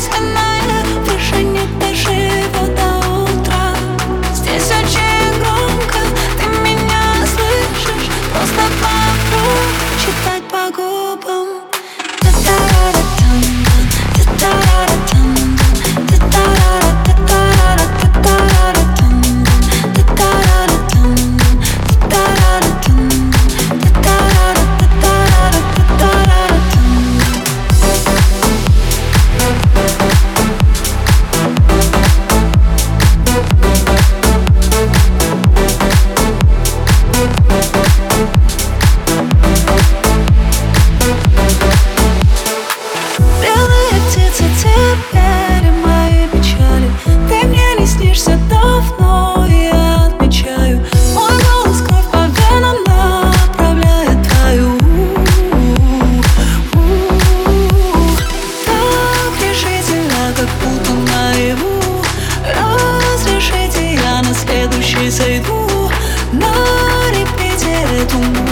It's amazing. 새고 널 입히지 동물